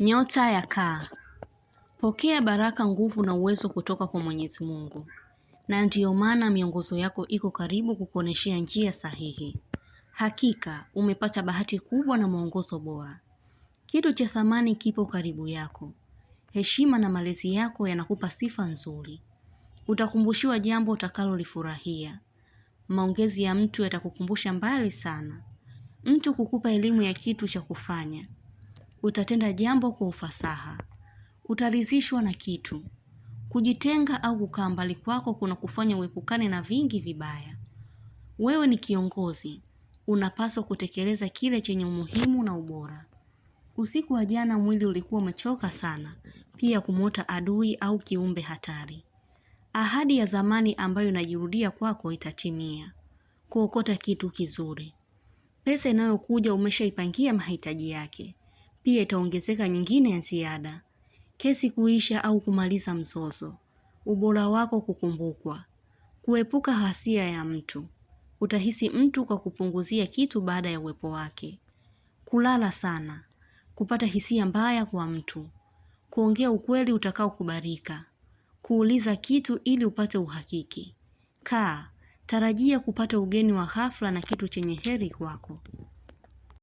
Nyota ya Kaa. Pokea baraka, nguvu na uwezo kutoka kwa Mwenyezi Mungu, na ndiyo maana miongozo yako iko karibu kukuoneshea njia sahihi. Hakika umepata bahati kubwa na mwongozo bora. Kitu cha thamani kipo karibu yako. Heshima na malezi yako yanakupa sifa nzuri. Utakumbushiwa jambo utakalolifurahia. Maongezi ya mtu yatakukumbusha mbali sana. Mtu kukupa elimu ya kitu cha kufanya utatenda jambo kwa ufasaha, utarizishwa na kitu. Kujitenga au kukaa mbali kwako kuna kufanya uepukane na vingi vibaya. Wewe ni kiongozi, unapaswa kutekeleza kile chenye umuhimu na ubora. Usiku wa jana mwili ulikuwa umechoka sana, pia kumwota adui au kiumbe hatari. Ahadi ya zamani ambayo inajirudia kwako itatimia. Kuokota kitu kizuri, pesa inayokuja umeshaipangia mahitaji yake pia itaongezeka nyingine ya ziada. Kesi kuisha au kumaliza mzozo, ubora wako kukumbukwa, kuepuka hasia ya mtu, utahisi mtu kwa kupunguzia kitu baada ya uwepo wake, kulala sana, kupata hisia mbaya kwa mtu, kuongea ukweli utakaokubarika kuuliza kitu ili upate uhakiki. Kaa, tarajia kupata ugeni wa ghafla na kitu chenye heri kwako.